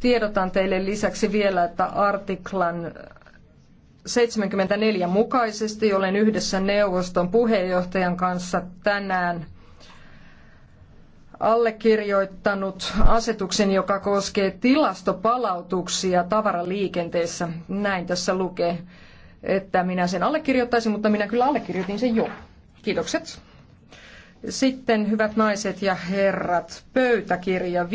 Tiedotan teille lisäksi vielä, että artiklan 74 mukaisesti olen yhdessä neuvoston puheenjohtajan kanssa tänään allekirjoittanut asetuksen, joka koskee tilastopalautuksia tavaraliikenteessä. Näin tässä lukee, että minä sen allekirjoittaisin, mutta minä kyllä allekirjoitin sen jo. Kiitokset. Sitten hyvät naiset ja herrat, pöytäkirja